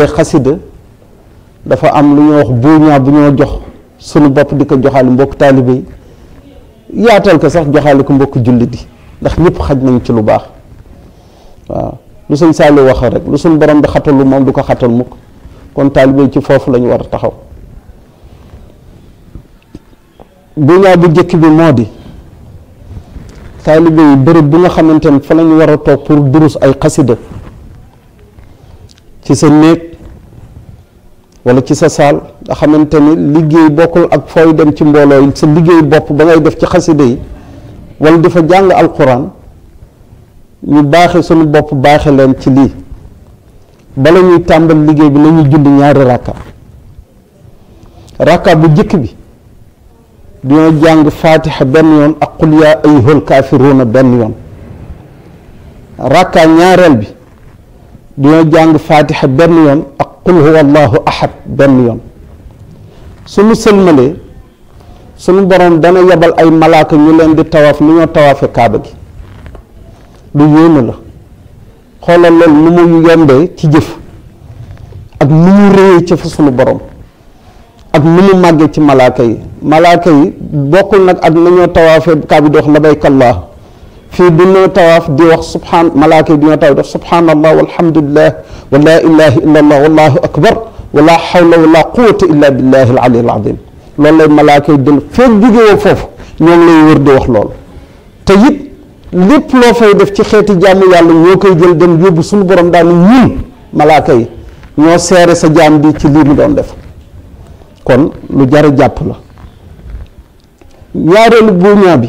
te xasida dafa am lu ñuy wax buuñaa bu ñoo jox sunu bopp di ko joxaale mbokk taalibe yi yaatal ko sax joxaale ko mbokk jullit yi ndax ñëpp xaj nañ ci lu baax waaw lu sëñ Saali wax rek lu suñ borom bi xatalu moom du ko xatal mukk kon taalibe ci foofu lañu war taxaw buuñaa bu njëkk bi moo di taalibe bu nga xamante fa lañu war a pour durus ay xasida ci sa néeg wala ci sa saal nga xamante ni liggéey bokkul ak fooy dem ci mbooloo sa liggéey bopp ba ngay def ci xasida yi wala dafa jàng alquran ñu baaxe suñu bopp baaxe leen ci lii bala ñuy tàmbal liggéey bi nañu julli ñaari rakka rakka bu jëkk bi dina jàng faatixa benn yoon ak qul yaa ayyuhal kaafiruuna benn yoon rakka ñaareel bi dina jàng faatiha benn yoon ak qul huwa allahu ahad benn yoon suñu sëlmalee suñu boroom dana yebal ay malaaka ñu leen di tawaaf ni ñoo tawaafe kaaba gi lu yéeme la xoolal loolu nu mu yombee ci jëf ak nu mu réyee ci fa suñu borom ak nu mu màggee ci malaaka yi malaaka yi bokkul nag ak nañoo tawaafe kaaba gi di wax في بنو تواف دي وخ سبحان ملاك بنو تواف سبحان الله والحمد لله ولا إله إلا الله والله أكبر ولا حول ولا قوة إلا بالله العلي العظيم لولا ملاك دين في دي وفوف نيوم لي ورد وخ لول تيب لب لو في دف تي خيتي جام يالا نيوكاي جيل دم يوب سونو بروم دا ني نيم ملاك يي ño séré sa jam bi ci lim doon def الله lu jara japp la ñaarelu buñu bi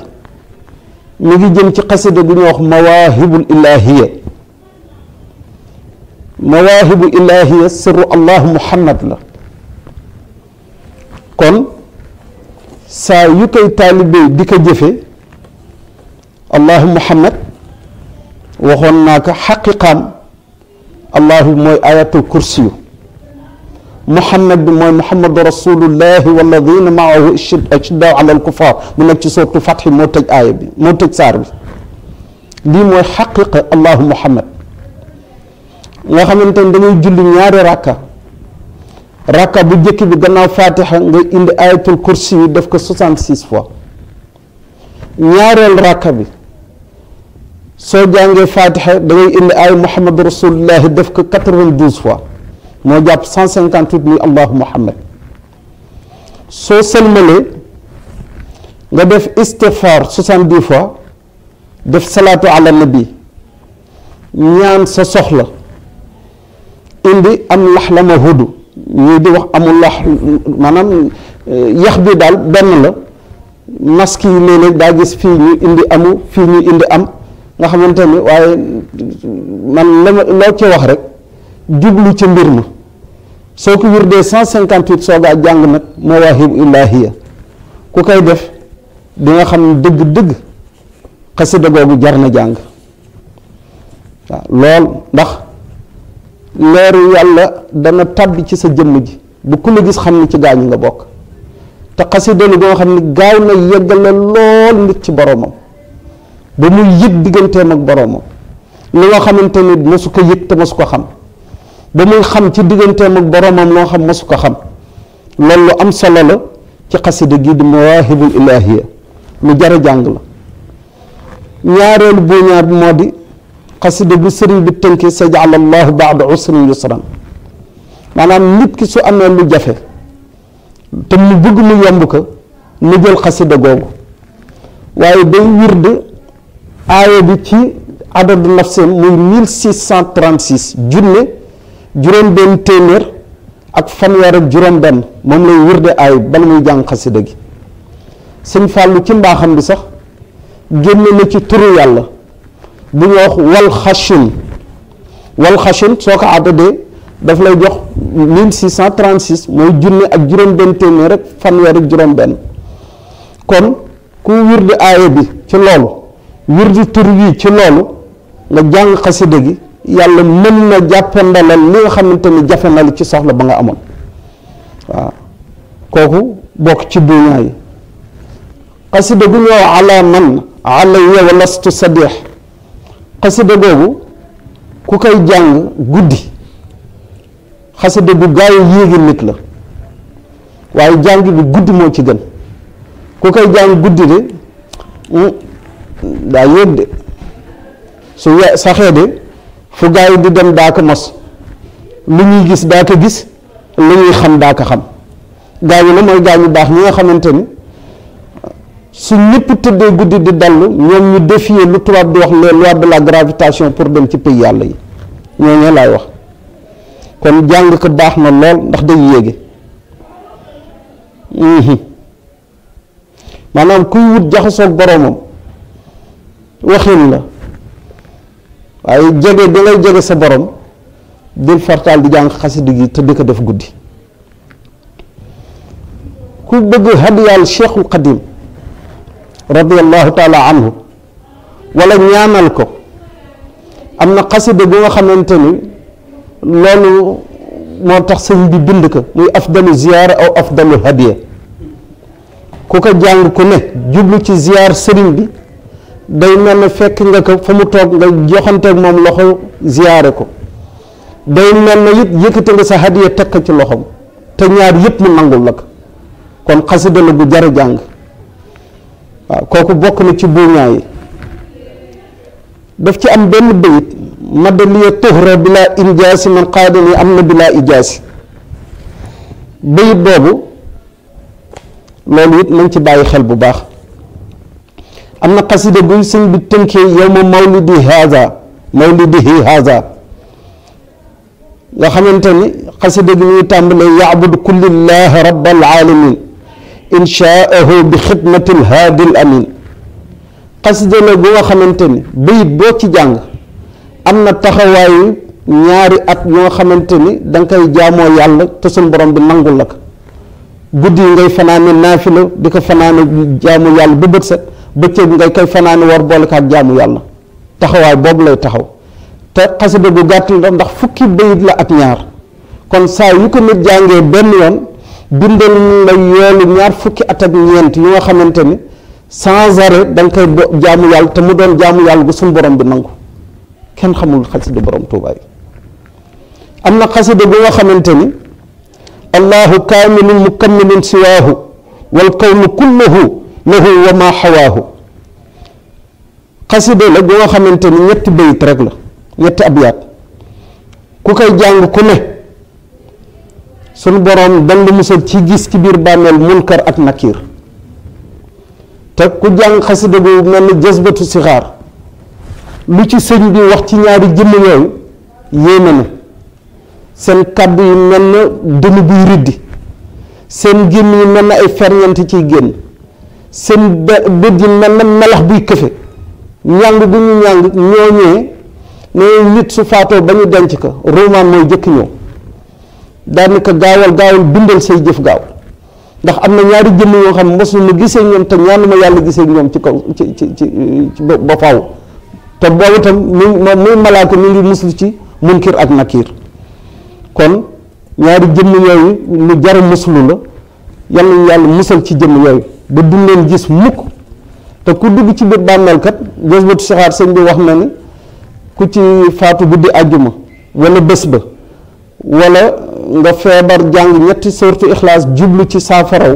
mi ngi jëm ci xasida gu ñuy wax mawaahibul ilaahiya mawaahibul ilaahiya sirru allah muhammad la kon saa yu koy taalibe di ko jëfe allahu muhammad waxoon naa ko xaqiqaam allahu mooy ayatul kursiyu Muhammad bi mooy Muhammadu rasulullahi walladina maahu ashiddaau ala alkuffar mu nekk ci soortu Fatx moo tëj aaya bi moo tëj saar bi lii mooy xaqiqa Allahu Muhammad nga xamante ne dañuy julli ñaari rakka rakka bu njëkk bi gannaaw Fatiha nga indi ayatul kursi yi def ko 66 fois ñaareel rakka bi soo jàngee Fatiha da ngay indi ay Muhammadu rasulullahi def ko 92 fois. moo jàpp 158 muy allahu muhammad soo sëlmalee nga def istigfaar 70 fois def salatu ala nabi ñaan sa soxla indi am lahlama hudu ñi di wax amul lah manam yax bi daal benn la maski yi da gis fi ñu indi amu fi ñu indi am nga xamanteni waye man la ci wax rek djublu ci mbir ma soo ko wirdee cent cinquante huit soogaa jàng nag mawaahibu ilaahiya ku koy def di nga xam ne dëgg-dëgg xasida googu jar na jàng waaw lool ndax leeru yàlla dana tàbbi ci sa jëmm ji bu ku la gis xam ne ci gaañu nga bokk te xasida lu nga xam ne gaaw na yeggale lool nit ci boroomam ba muy yëg digganteem ak boroomam li nga xamante ni mosu ko yëg te mosu ko xam ba muy xam ci digganteem ak boromam loo xam masu ko xam loolu am solo la ci xasida gi di mawaahibul ilaahiya lu jar a jàng la ñaareelu ñaar bi moo di xasida bu sëriñ bi tënki sajal allahu baada usrin yusran maanaam nit ki su amee lu jafe te mu bëgg mu yomb ko mu xasida googu waaye day wirde aaya bi ci adadu nafsin muy junne juróom benn téeméer ak fanweer ak juróom benn moom lay wërde aay bala muy jàng xasida gi sëñ fàllu ci mbaaxam bi sax génne na ci turu yàlla bu ñu wax wal xashun wal xashun soo ko àddadee daf lay jox 1636 mooy junne ak juróom benn téeméer rek fanweer ak juróom benn kon ku wirdi aaya bi ci loolu wirdi tur yi ci loolu nga jàng xasida gi yàlla mën na jàppandalal li nga xamante ni jafe na ci soxla ba nga amoon waaw kooku bokk ci duñaa yi xasida gu ñëw ala man ala yow lastu sadix xasida googu ku koy jàng guddi xasida gu gaaw yéegi nit la waaye jàng gi guddi moo ci gën ku koy jàng guddi de hmm, daa yéeg de su saxee de fu gaay di dem da ko mos lu ñuy gis da ko gis lu ñuy xam da ko xam gaay gaañu moy gaay yu bax ñi nga xamanteni su ñepp tuddé guddi di dal ñom ñu défier lu tubaab di wax le loi de la gravitation pour dem ci pays yalla yi ñoo ñooñu lay wax kon jang ko bax na lool ndax day yéege manam mhm. kuy wut jaxoso boromam waxin la waaye jege bi lay jege sa borom dil fartaal di jàng xasida gi te di ko def guddi ku bëgg hadiyaal cheikhul qadim radiallahu taala anhu wala ñaanal ko am na xasida bu nga xamante ni loolu moo tax sëñ bi bind ko muy afdalu ziyaara aw afdalu hadiya ku ko jàng ku ne jublu ci ziyaar sëriñ bi day mel ne fekk nga ko fa mu toog nga joxanteeg moom loxo ziyaare ko day mel na it yëkkate nga sa hadiya teg ko ci loxo te ñaar yëpp mu nangul la kon xasida la gu jar a jàng waaw kooku bokk na ci buuñaa yi daf ci am benn bayit madaliya tuhra bilaa injaasi man qaadani am na bilaa ijaasi bayit boobu loolu it nañ ci bàyyi xel bu baax am na xasida bu sëñ bi tënkee yow ma mawlidi haza mawlidihi haza nga xamante ni xasida gi ñuy tàmbalee yacbudu kullillahi rabbal alamin inshaahu bi xidmatil haadil amin xasida la bu nga xamante ni bayit boo ci jàng am na taxawaayu ñaari at yoo xamante ni danga koy jaamoo yàlla te suñ borom bi nangul la ko guddi yi ngay fanaane naafila di ko fanaane jaamu yàlla ba bët bëccëg nga koy fanaani war boole ko ak jaamu yàlla taxawaay boobu lay taxaw te xasida gu gàtt la ndax fukki bayit la ak ñaar kon saa yu ko nit jàngee benn yoon bindal la yoolu ñaar fukki at ak ñeent yu nga xamante ni sans arrêt da nga koy jaamu yàlla te mu doon jaamu yàlla gu suñ borom bi nangu kenn xamul xasida borom Tuuba am na xasida gu nga xamante ni allahu kaamilun mukammilun siwaahu wal kawnu kulluhu lahu wa ma xawaahu xasida la goo xamante ni ñetti bayit rek la ñetti abyaat ku koy jàng ku ne sunu boroom dal musal ci gis ci biir bàmmeel munkar ak nakiir te ku jàng xasida gu mel ni jësbatu sixaar lu ci sëñ bi wax ci ñaari jëmm yooyu yéeme na seen kàddu yi mel na buy riddi seen gémm yi mel na ay ferñeent ciy génn seen bët yi mel na melax buy këfe ñàng bu ñu ñàng ñooñee ne nit su faatoo ba ñu denc ko ruumaan mooy jëkk ñëw daanaka gaawal gaawal bindal say jëf gaaw ndax am na ñaari jëmm yoo xam mosu ma gisee ñoom te ñaanuma yàlla gisee ñoom ci kaw ci ci ci ba faaw te boobu itam muy muy malaaka mi ngi muslu ci munkir ak nakir kon ñaari jëmm yooyu lu jar a muslu la yàlla yàlla musal ci jëmm yooyu ba duñ leen gis mukk te ku dugg ci biir bàmmeel kat jazbatu saxaar sëñ bi wax na ni ku ci faatu guddi àjjuma wala bés ba wala nga feebar jàng ñetti sortu ixlaas jublu ci saafaraw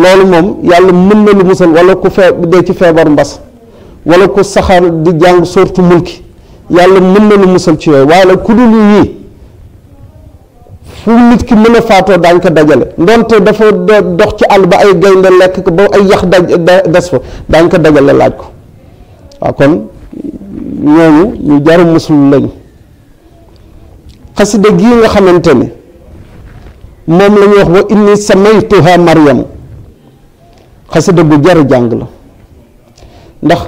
loolu moom yàlla mën na lu musal wala ku dee ci feebar mbas wala ku saxaar di jàng sortu mulki yàlla mën na lu musal ci yooyu waaye la ku dul yii fu nit ki mën a faatoo daañ ko dajale ndonte dafa dox ci àll ba ay gaynde lekk ko ba ay yax daj des fa daañ ko dajale laaj ko waaw kon ñooñu ñu jaru musul lañu xasida gii nga xamante ni moom la ñuy wax wa inni samaytuha Maryam xasida gu jar jàng la ndax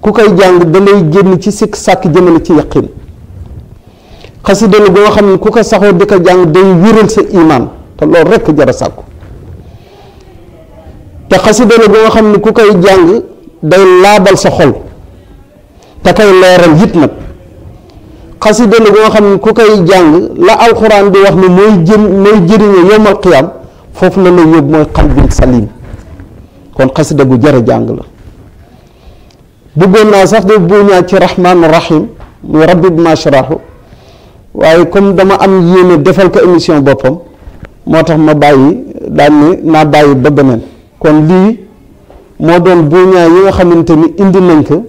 ku koy jàng da lay génn ci sikk sàkk jëmale ci yaqin xasida la goo xam ne ku ko saxoo di ko jàng day wéral sa imaan te loolu rekk jara sàkku te xasida la goo xam ne ku koy jàng day laabal sa xol te koy leeral it nag xasida xam ne ku koy jàng la alxuraan di wax ne mooy jëm mooy jëriñe yowmal qiyaam foofu la lay yóbbu mooy xalbin salim kon xasida gu jara jàng la bëggoon naa sax de buñaa ci rahmaan rahim muy rabbi bi ma waaye comme dama am yéene defal ko émission boppam moo tax ma bàyyi daan ni naa bàyyi ba beneen kon lii moo doon buuñaa yi nga xamante ni indi nañ ko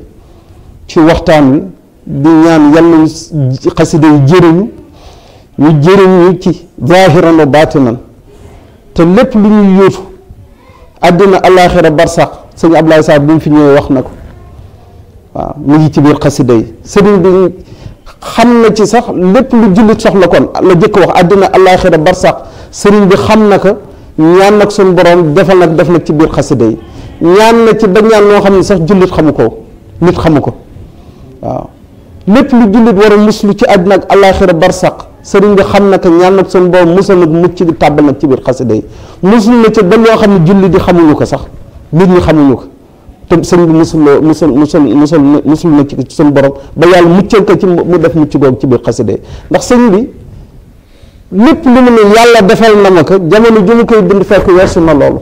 ci waxtaan wi di ñaan yal nañ xasida yi jëriñu ñu jëriñu ci zaahiran wa baatinan te lépp lu ñuy yóotu àddina alaaxira barsax sëñ Ablaye Sarr bi mu fi ñëwee wax na ko waaw mu ngi ci biir xasida yi sëriñ bi xamna ci sax lépp lu jullit soxla kon la jëkk wax aduna àddina bar sax serigne bi xamna ko ñaan nak sun borom defal nak def nak ci bir xasida yi ñaan na ci ba ñaan noo xamni sax jullit xamuko nit xamuko waaw lépp lu jullit wara muslu ci àddina ak bar sax serigne bi xamna ko ñaan nak sun borom musul nak mucc ci tàbbal nak ci bir xasida yi muslu na ci ba lo xamni ne jullit yi xamuñu ko sax nit ñi xamuñu ko te sëñ bi musul musul musul musul musul na ci suñu borom ba yàlla muccal ko ci mu def mucc googu ci biir xasida ndax sëñ bi lépp lu mu ne yàlla defal na ma ko jamono ju mu koy bind fekk weesu na loolu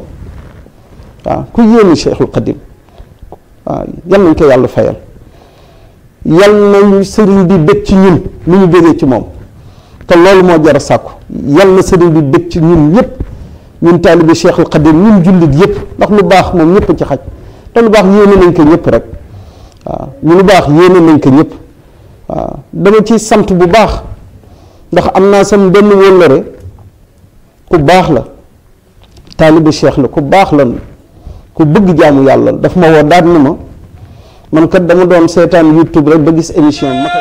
waaw ku yéene Cheikhul Xadim waaw yal nañ ko yàlla fayal yal nañu sëriñ bi bëgg ci ñun lu ñu bégee ci moom te loolu moo jar a sàkku yal na sëriñ bi bëgg ci ñun ñëpp ñun taalibi Cheikhul Xadim ñun jullit yëpp ndax lu baax moom ñëpp ci xaj te lu baax yéene nañ ko ñëpp rek waaw ñu lu baax yéene nañ ko ñëpp waaw dama ci sant bu baax ndax am naa sam benn wóllëre ku baax la taalibu cheikh la ku baax la ku bëgg jaamu yàlla daf ma woo daal na ma man kat dama doon seetaan YouTube rek ba gis émission ma